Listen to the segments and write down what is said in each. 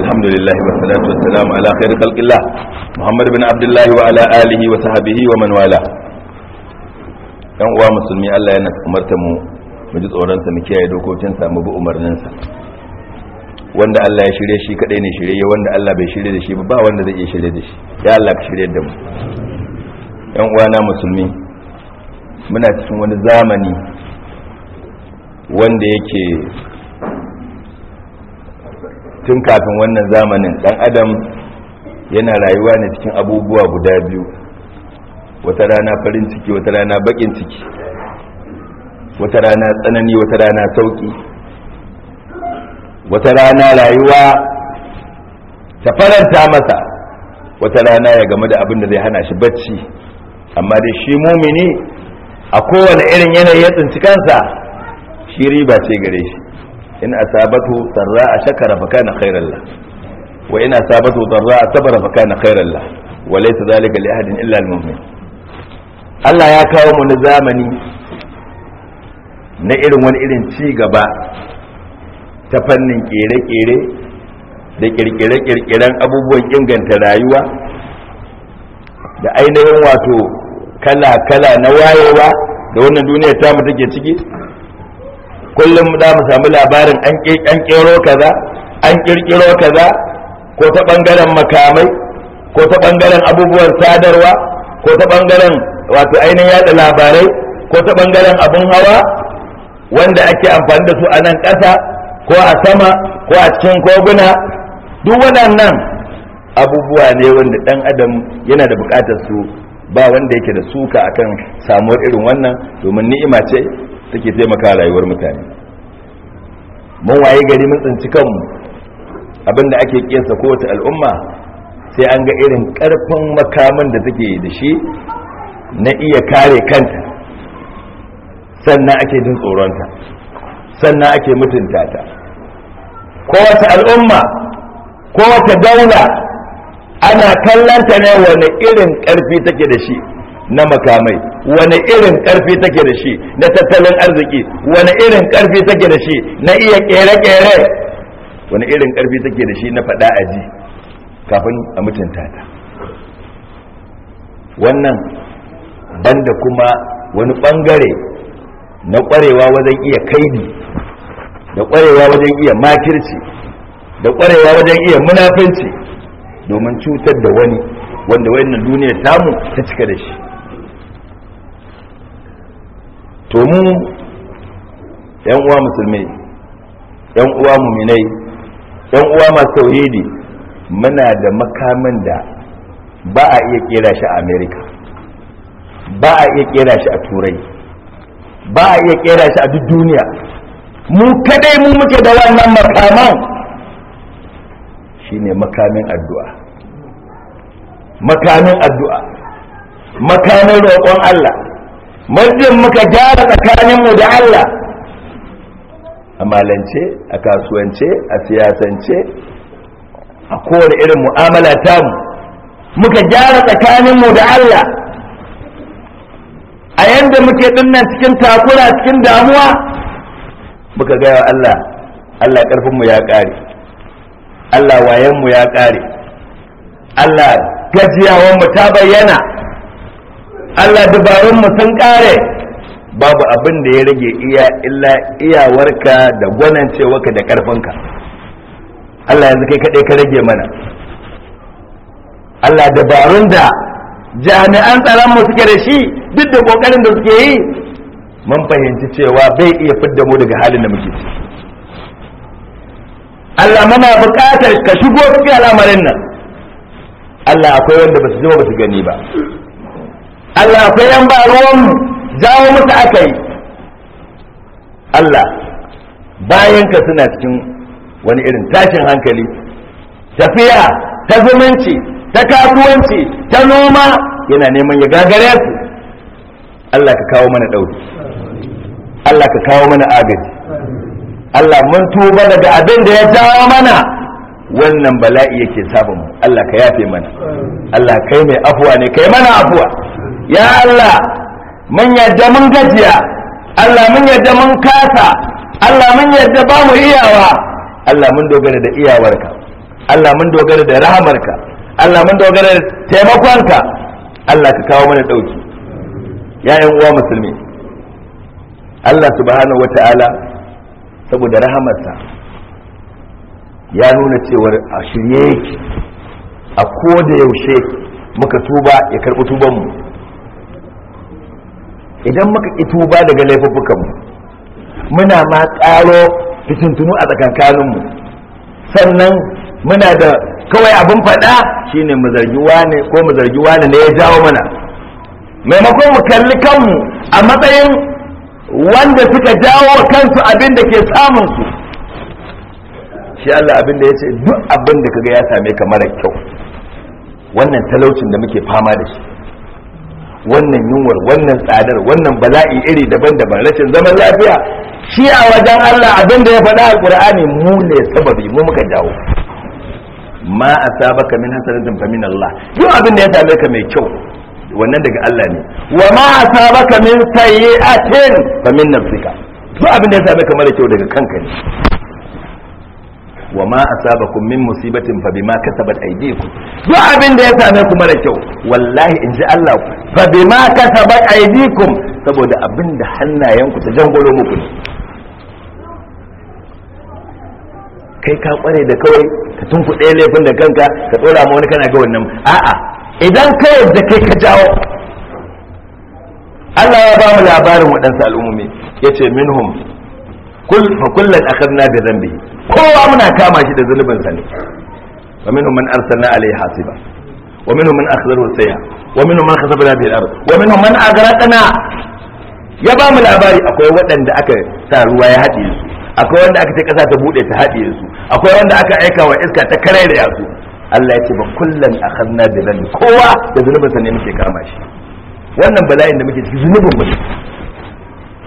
الحمد لله والصلاة والسلام على خير خلق الله محمد بن عبد الله وعلى آله وصحبه ومن والاه كان uwa musulmi Allah ينك umarta mu mu ji tsoronsa mu kiyaye dokokinsa mu bi wanda Allah ya shirye shi kadai ne shirye wanda Allah bai shirye da shi ba wanda zai iya shirye da shi ya Allah ka shirye da mu yan uwana musulmi muna cikin wani zamani wanda yake tun kafin wannan zamanin dan adam yana rayuwa ne cikin abubuwa guda biyu wata rana farin ciki wata rana bakin ciki wata rana tsanani wata rana sauki wata rana rayuwa ta faranta masa wata rana ya game da abin da zai hana shi bacci amma dai shi mumini a kowane irin yanayi ya tsinci kansa shi riba ce gare shi in asabatu sarra a shakara fa kana khairan la wa in asabatu darra sabara fa kana khairan la wa laysa zalika li ahadin illa al mu'min Allah ya kawo mu na zamani na irin wani irin ci gaba ta fannin kere-kere da kirkire-kirkiren abubuwan inganta rayuwa da ainihin wato kala-kala na wayewa da wannan duniyar mu take ciki kullum da mu samu labarin an kero kaza an kirkiro kaza ko ta bangaren makamai ko ta bangaren abubuwan sadarwa ko ta bangaren wato ainihin yada labarai ko ta bangaren abun hawa wanda ake amfani da su a nan ƙasa ko a sama ko a cikin koguna duk waɗannan abubuwa ne wanda ɗan adam yana da buƙatar su ba wanda yake da suka akan samuwar irin wannan domin ni'ima ce take taimaka rayuwar mutane mun waye gari mun tsinci kanmu abinda ake kiyasta kowace al'umma sai an ga irin karfin makaman da take da shi na iya kare kanta sannan ake jin tsoronta sannan ake mutunta ta kowace al'umma kowace daula ana kallanta ne wani irin ƙarfi take da shi na makamai wani irin ƙarfi take da shi na tattalin arziki wani irin ƙarfi take da shi na iya ƙere-ƙere wani irin ƙarfi take da shi na faɗa aji kafin a mutunta ta wannan banda kuma wani ɓangare na ƙwarewa wajen iya kaidi da ƙwarewa wajen iya makirci da ƙwarewa wajen iya munafinci domin cutar da wani wanda wayannan duniyar tamu ta cika da shi to mu yan uwa musulmai yan uwa muminai yan uwa masu tauhidi muna da makamin da ba a iya kera shi a Amerika, ba a iya kera shi a turai ba a iya kera shi a duk duniya mu kadai mu muke da wannan makaman shine makamin addu'a makamin addu'a makamin roƙon Allah muddin muka gyara tsakaninmu da Allah a malance a kasuwance a siyasance a kowane irin mu'amala mu muka gyara tsakaninmu da Allah a yadda muke dinnan cikin takura cikin damuwa muka gaya wa Allah Allah ƙarfinmu ya ƙare Allah wayanmu ya ƙare Allah gajiyawanmu ta bayyana Allah dabarunmu sun ƙare babu abin da ya rage iya illa iyawarka da gwanancewarka da ƙarfinka Allah yanzu kai kaɗai ka rage mana Allah dabarun da jami'an tsaronmu suke da shi duk da ƙoƙarin da suke yi mun fahimci cewa bai iya fidda mu daga halin da muke ciki Allah mana buƙatar ka shigo cikin al'amarin nan Allah akwai wanda ba su zama ba su gani ba Allah akwai yan ba ruwan jawo musu aka yi Allah bayan suna cikin wani irin tashin hankali tafiya ta zumunci ta kasuwanci ta noma yana neman ya gagare su Allah ka kawo mana ɗauki Allah ka kawo mana agaji Allah mun tuba daga abin da ya jawo mana wannan bala'i yake sabon mu Allah ka yafe mana Allah kai mai afuwa ne kai mana afuwa ya Allah mun yadda mun gajiya Allah mun yadda mun kasa Allah mun yadda ba mu iyawa Allah mun dogara da iyawarka Allah mun dogara da rahamarka Allah mun dogara da taimakonka Allah ka kawo mana dauki ya uwa musulmi Allah subhanahu wataala saboda rahamarsa ya nuna cewar a shirye yake a ko da yaushe muka tuba ya karɓi tubanmu idan muka ƙi tuba daga laifuffukanmu muna ma ƙaro fitintunu a tsakankaninmu sannan muna da kawai abin faɗa shine mu zargi wane ko mu zargi wane ne ya jawo mana maimakon mu kalli kanmu a matsayin wanda suka jawo wa kansu abin da ke samun su shi Allah abin da ya ce duk abin da kaga ya same ka mara kyau wannan talaucin da muke fama da shi wannan yunwar wannan tsadar wannan bala'i iri daban-daban rashin zaman lafiya shi a wajen Allah abin da ya faɗa a ƙur'ani mu ne sababi mu muka jawo ma sabaka min hasanatin fa min Allah duk abin da ya same ka mai kyau wannan daga Allah ne wa ma asabaka min sayyi'atin fa min nafsika duk abin da ya same ka mara kyau daga kanka ne wa ma asabakum min musibatin fa bima kasabat aydikum duk abin da ya same ku mara kyau wallahi in ji Allah fa bima kasabat aydikum saboda abin da hannayenku ta jangolo muku ne kai ka kware da kawai ka ɗaya laifin da kanka ka tsora ma wani kana ga wannan a'a idan ka yadda kai ka jawo Allah ya ba mu labarin waɗansu al'ummomi ya ce minhum kul fa kullan akhadna bi dhanbi kowa muna kama shi da zunubin sa ne wa minhum man arsalna alayhi hasiba wa minhum man akhadhahu sayha wa minhum man khasabna bil ard wa minhum man aghraqna ya ba mu labari akwai waɗanda aka sa ruwa ya haɗe su akwai wanda aka ce ƙasa ta buɗe ta haɗe su akwai wanda aka aika wa iska ta kare da yasu Allah ya ce ba kullum a kanna da zan kowa da zunubinsa ne muke kama shi wannan bala'in da muke ciki zunubin mu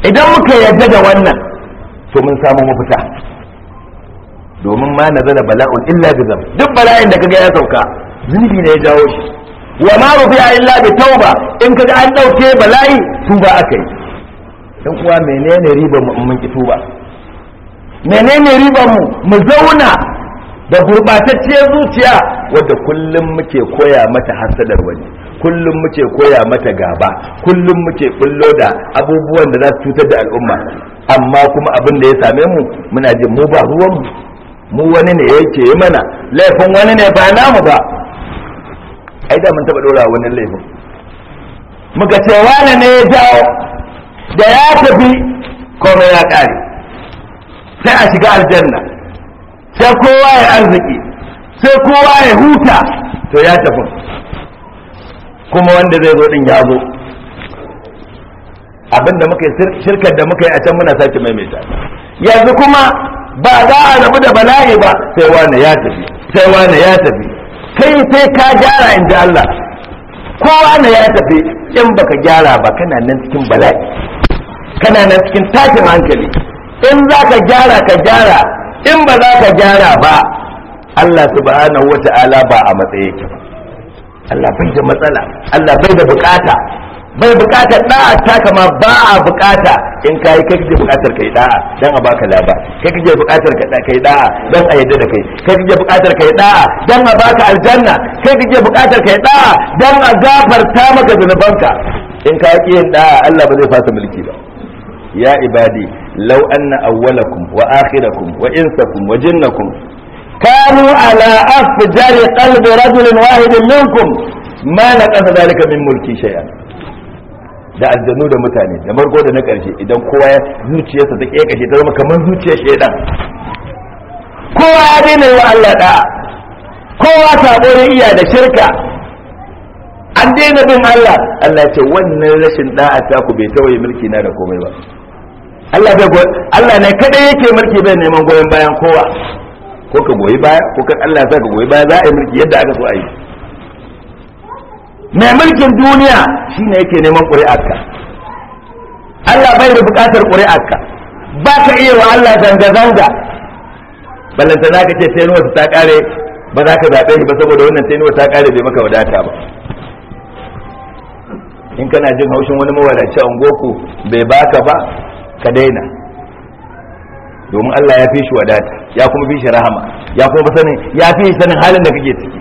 idan muka yarda da wannan to mun samu mafita domin ma na zana bala'un illa bi zam duk bala'in da kaga ya sauka zunubi ne ya jawo shi wa ma rufi'a illa bi tauba in kaga an dauke bala'i tuba akai dan uwa menene riba mu mun ki tuba menene riba mu mu zauna da gurbatacciyar zuciya wadda kullum muke koya mata hasadar wani kullum muke koya mata gaba kullum muke bullo da abubuwan da za su cutar da al'umma amma kuma abin da ya same mu muna jin mu ba ruwanmu mu wani ne yake yi mana laifin wani ne ba namu ba ai da mun taba dora wani laifin muka ce wani ne ya jawo da ya tafi komai ya kare sai a shiga aljanna sai kowa ya arziki sai kowa ya huta to ya tafi kuma wanda zai zo din ya zo abinda muka yi shirkar da muka yi a can muna sake maimaita yanzu kuma ba za a rabu da bala'i ba sai wane ya tafi sai wane ya tafi kai sai ka gyara in ji Allah kowa ne ya tafi in baka gyara ba kana nan cikin bala'i kana nan cikin tashin hankali in za ka gyara ka gyara in ba za ka gyara ba Allah subhanahu ta'ala ba a matsayi ki ba Allah bai da matsala Allah bai da bukata bai bukatar da'a ta kama ba a bukata in kai kai kake bukatar kai da'a dan a baka laba kai kake bukatar kai da'a dan a yadda da kai kai kake bukatar kai da'a dan a baka aljanna kai kake bukatar kai da'a dan a gafarta maka zunubanka in ka yi da'a Allah ba zai fasa mulki ba ya ibadi لو أن أولكم wa وإنسكم wa كانوا wa jinnakum kanu ala واحد منكم ما نقص minkum ma ملكي شيئا min mulki da aljannu da mutane da margo da na karshe idan kowa ya zuciyarsa ta kekashe ta zama kamar zuciyar shaidan kowa ya daina wa Allah da kowa sabo ya iya da shirka an daina bin Allah Allah ce wannan rashin da'a ta ku bai tawaye mulki na da komai ba Allah bai goyi Allah ne kadai yake mulki bai neman goyon bayan kowa ko ka goyi baya ko ka Allah ya saka goyi baya za a yi mulki yadda aka so a yi mai mulkin duniya shine yake neman ƙuri'arka Allah bai da buƙatar ƙuri'arka ba ka iya wa Allah zanga-zanga ballanta za ka ce tenuwarsa ta ƙare ba za ka zaɓe shi ba saboda wannan tenuwar ta ƙare bai maka wadata ba in kana jin haushin wani mawalaci a ungoku bai baka ba ka daina domin Allah ya fi shi wadata ya kuma fi shi rahama ya kuma sanin ya fi sanin halin da kake ciki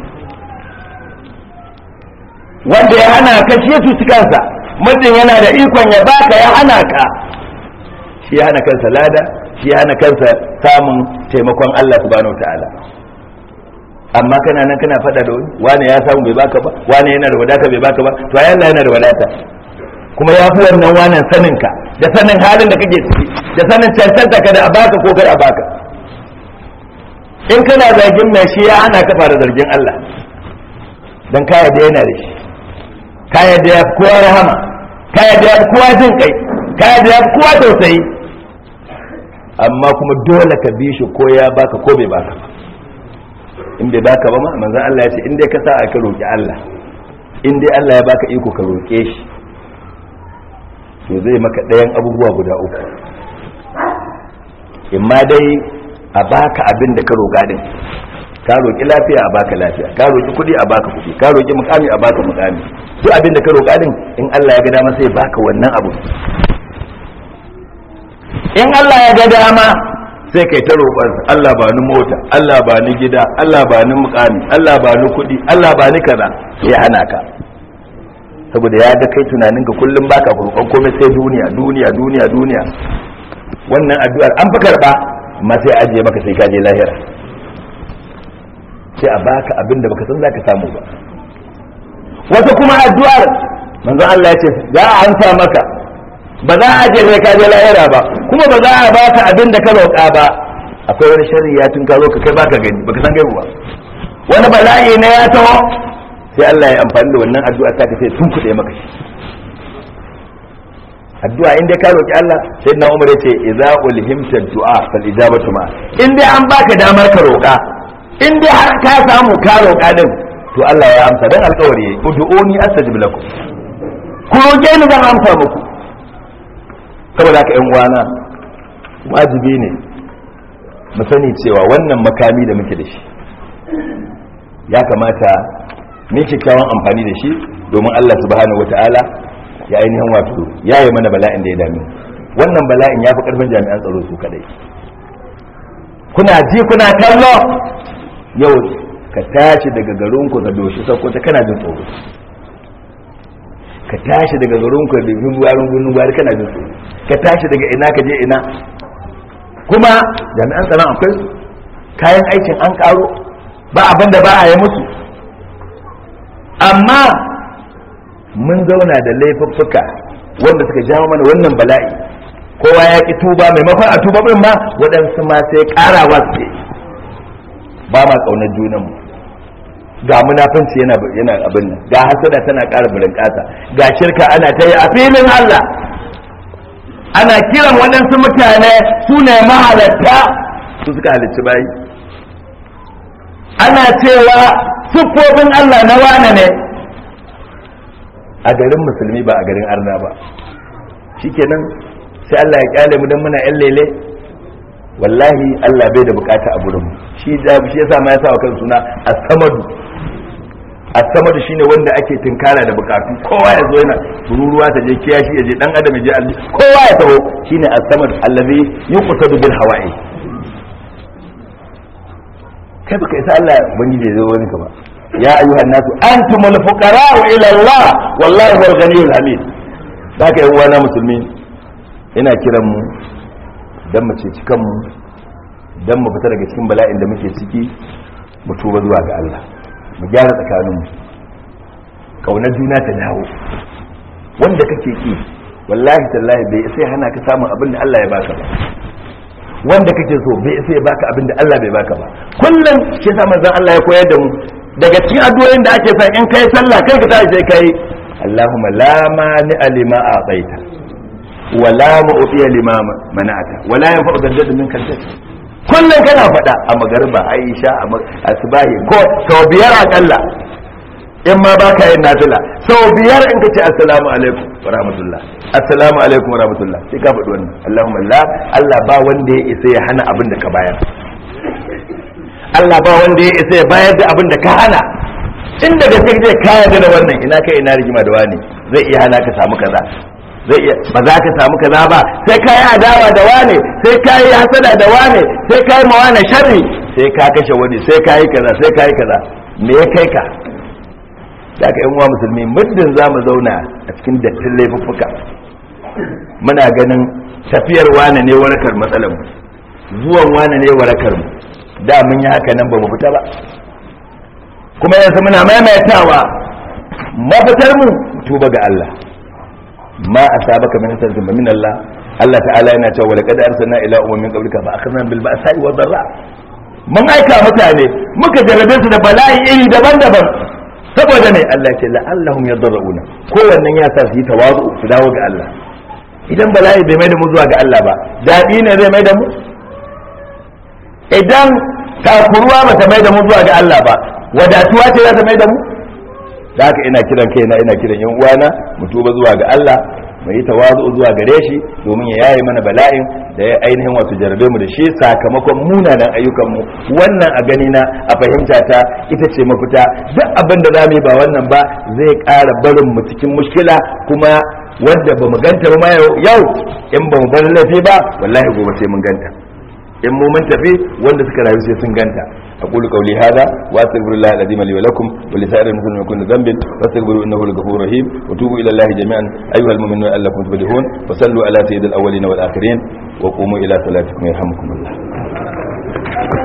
wanda ya hana ka shi ya tusi kansa mutum yana da ikon ya baka ya hana ka shi ya hana kansa lada shi ya hana kansa samun taimakon Allah subhanahu ta'ala amma kana nan kana fada da wani wani ya samu bai baka ba wani yana da wadata bai baka ba to ayyana yana da wadata kuma ya fi wannan wani sanin ka da sanin halin da kake ciki da sanin cancanta ka da a baka ko kar a baka in kana zargin mai shi ya ana kafa da zargin Allah dan kaya da yana da shi kaya da yafi kowa rahama kaya da yafi kowa jin kai kaya da yafi kowa tausayi amma kuma dole ka bi shi ko ya baka ko bai baka ba in bai baka ba ma manzon Allah ya ce in dai ka sa a ka roki Allah in dai Allah ya baka iko ka roke shi to zai maka ɗayan abubuwa guda uku imma dai a baka abin da ka roƙa din ka roƙi lafiya a baka lafiya ka roƙi kuɗi a baka kuɗi ka roƙi mukami a baka mukami duk abin da ka roƙa din in Allah ya ga dama sai baka wannan abu in Allah ya ga dama sai kai ta roƙon Allah ba ni mota Allah ba ni gida Allah ba ni mukami Allah ba ni kuɗi Allah ba ni kaza sai hana ka saboda ya ga kai tunanin ka kullum baka kurban komai sai duniya duniya duniya duniya wannan addu'ar an fi karba ma sai ajiye maka sai ka je lahira sai a baka abin da baka san zaka samu ba wata kuma addu'ar manzon Allah ya ce za a amsa maka ba za a je sai ka je lahira ba kuma ba za a baka abin da ka roƙa ba akwai wani shari'a ya tun ka zo ka kai baka gani baka san gaiwa wani bala'i ne ya taho sai Allah ya amfani da wannan addu'a ta ta sai tun kuɗe maka shi addu'a in dai ka roki Allah sai na Umar yace idza ulhimta du'a fal ijabatu ma in dai an baka damar ka roka in dai har ka samu ka roka din to Allah ya amsa dan alƙawari ud'uni astajib lakum ku roke ni zan amsa muku saboda haka ƴan uwana wajibi ne mu sani cewa wannan makami da muke da shi ya kamata ne kyakkyawan amfani da shi domin Allah subhanahu wata'ala ya ainihin wato ya yi mana bala'in da ya dami wannan bala'in ya fi karfin jami'an tsaro su kadai kuna ji kuna kallo yau ka tashi daga ku ka doshi ta kana jin tsoro ka tashi daga ku da bin warin gunin wari kana jin tsoro ka tashi daga ina ka je ina kuma jami'an tsaron akwai kayan aikin an karo ba abin da ba a yi musu amma mun zauna da laifuffuka wanda suka jawo mana wannan bala'i kowa ya ki tuba maimakon a tuba ma waɗansu ma sai ƙarawa su ba ma ƙaunar junanmu ga munafanci yana abin nan ga hasada tana ƙara burinƙasa ga shirka ana ta yi a filin Allah ana kiran waɗansu mutane su ne mahalatta su suka halicci bayi ana cewa siffofin Allah na wane ne a garin musulmi ba a garin arna ba shikenan sai Allah ya kyale mu dan muna yan lele wallahi Allah bai da bukata a gurin shi da shi yasa ma ya sa wa kan suna as-samadu as-samadu shine wanda ake tinkara da bukatu kowa ya zo yana tururuwa ta je kiyashi ya je dan adam ya je kowa ya taho shine as-samad allazi yuqsadu bil hawa'i kai baka isa Allah ubangiji ya zo wani ka ba ya ayyuhan nasu antumul fuqara ila Allah wallahi huwal ghaniyul hamid saka yan uwana musulmi ina kiran mu dan mu cikan kanmu dan mu fita daga cikin bala'in da muke ciki mu tuba zuwa ga Allah mu gyara tsakanin mu Ƙaunar juna ta dawo wanda kake ki wallahi tallahi bai sai hana ka samun abin da Allah ya baka ba wanda kake so bai sai baka abin da Allah bai baka ba kullum shi yasa manzon Allah ya koyar da mu daga cikin addu'o'in da ake sa in kai sallah kai ka tashi kai Allahumma la mani alima a'taita wa la mu'tiya lima mana'ata wa la yanfa'u min kalbi kullum kana faɗa a magariba aisha a asbahi ko sau biyar akalla in ma ba ka yin nafila sau biyar in ka ce assalamu alaikum wa rahmatullah assalamu alaikum wa rahmatullah sai ka faɗi wannan allahumma la allah ba wanda ya isa ya hana abin da ka bayar allah ba wanda ya isa ya bayar da abin da ka hana inda da kake ka yarda da wannan ina kai ina rigima da wani zai iya hana ka samu kaza zai iya ba za ka samu kaza ba sai ka yi adawa da wane sai ka yi hasada da wane sai ka yi mawana sharri sai ka kashe wani sai ka yi kaza sai ka yi kaza me ya kai ka da aka uwa musulmi muddin za mu zauna a cikin dattin laifuffuka muna ganin tafiyar wane ne warakar matsalarmu zuwan wane ne mu, da mun yi haka nan ba mu fita ba kuma yanzu muna maimaitawa mu, tuba ga Allah ma a saba min hasar zumba min Allah Allah ta'ala yana cewa wa laqad arsalna ila ummin qablika fa akhadna bil ba'sa'i wa dharra mun aika mutane muka jarabe su da bala'i iri daban-daban saboda mai Allah ce la'allahum yadarruna wannan ya sa su yi tawazu su dawo ga Allah idan bala'i bai mai da mu zuwa ga Allah ba daɗi ne zai mai da mu idan takuruwa ba ta mai da mu zuwa ga Allah ba wadatuwa ce za ta mai da mu da haka ina kiran kaina ina kiran yan uwana mu tuba zuwa ga Allah mu yi tawazu zuwa gare shi domin ya yaye mana bala'in da ya ainihin wasu jarabe mu da shi sakamakon munanan ayyukan mu wannan a gani na a fahimta ta ita ce mafita duk abin da zamu yi ba wannan ba zai ƙara barin mu cikin mushkila kuma wanda ba mu ganta ba yau in ba mu bar laifi ba wallahi gobe sai mun ganta in mu mun tafi wanda suka rayu sai sun ganta أقول قولي هذا وأستغفر الله العظيم لي ولكم ولسائر المسلمين من كل ذنب فاستغفروا إنه الغفور الرحيم وتوبوا إلى الله جميعا أيها المؤمنون أنكم تفلحون وصلوا على سيد الأولين والآخرين وقوموا إلى صلاتكم يرحمكم الله